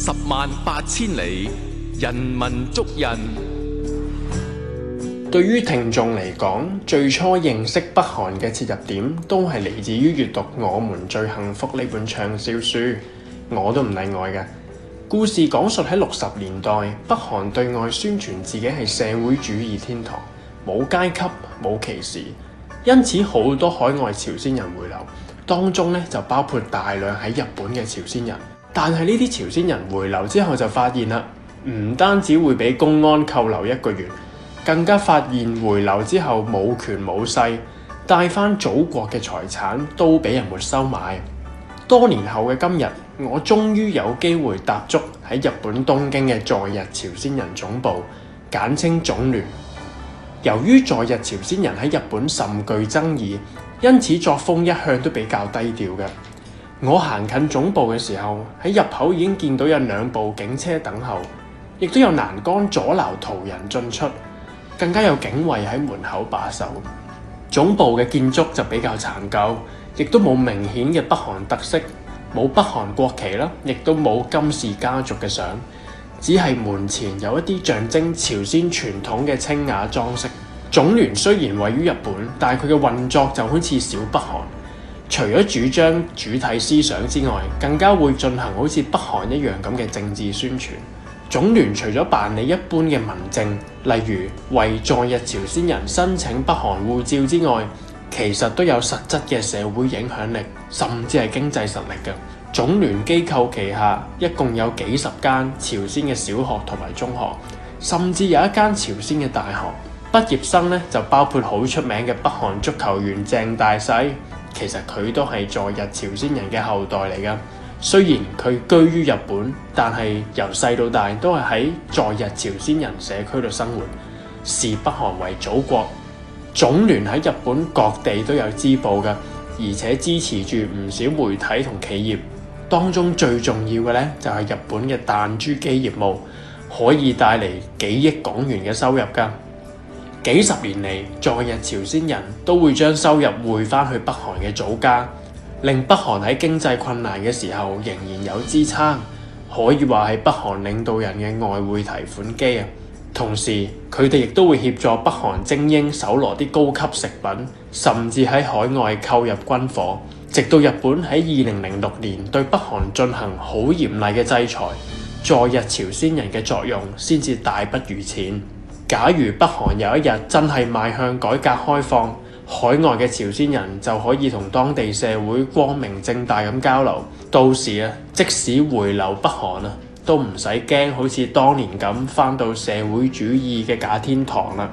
十萬八千里，人文足印。對於聽眾嚟講，最初認識北韓嘅切入點，都係嚟自於閱讀《我們最幸福》呢本暢銷書，我都唔例外嘅。故事講述喺六十年代，北韓對外宣傳自己係社會主義天堂，冇階級，冇歧視，因此好多海外朝鮮人回流，當中呢就包括大量喺日本嘅朝鮮人。但係呢啲朝鮮人回流之後就發現啦，唔單止會俾公安扣留一個月，更加發現回流之後冇權冇勢，帶翻祖國嘅財產都俾人沒收埋。多年後嘅今日，我終於有機會踏足喺日本東京嘅在日朝鮮人總部，簡稱總聯。由於在日朝鮮人喺日本甚具爭議，因此作風一向都比較低調嘅。我行近總部嘅時候，喺入口已經見到有兩部警車等候，亦都有欄杆阻撓途人進出，更加有警衛喺門口把守。總部嘅建築就比較殘舊，亦都冇明顯嘅北韓特色，冇北韓國旗啦，亦都冇金氏家族嘅相，只係門前有一啲象徵朝鮮傳統嘅清雅裝飾。總聯雖然位於日本，但係佢嘅運作就好似小北韓。除咗主張主體思想之外，更加會進行好似北韓一樣咁嘅政治宣傳。總聯除咗辦理一般嘅民政，例如為在日朝鮮人申請北韓護照之外，其實都有實質嘅社會影響力，甚至係經濟實力㗎。總聯機構旗下一共有幾十間朝鮮嘅小學同埋中學，甚至有一間朝鮮嘅大學。畢業生咧就包括好出名嘅北韓足球員鄭大世。其實佢都係在日朝鮮人嘅後代嚟㗎，雖然佢居於日本，但係由細到大都係喺在，在日朝鮮人社區度生活，視北韓為祖國。總聯喺日本各地都有支部㗎，而且支持住唔少媒體同企業。當中最重要嘅呢，就係、是、日本嘅彈珠機業務，可以帶嚟幾億港元嘅收入㗎。幾十年嚟，在日朝鮮人都會將收入匯翻去北韓嘅祖家，令北韓喺經濟困難嘅時候仍然有支撐，可以話係北韓領導人嘅外匯提款機啊。同時，佢哋亦都會協助北韓精英搜羅啲高級食品，甚至喺海外購入軍火，直到日本喺二零零六年對北韓進行好嚴厲嘅制裁，在日朝鮮人嘅作用先至大不如前。假如北韓有一日真係邁向改革開放，海外嘅朝鮮人就可以同當地社會光明正大咁交流。到時啊，即使回流北韓啦、啊，都唔使驚，好似當年咁返到社會主義嘅假天堂啦。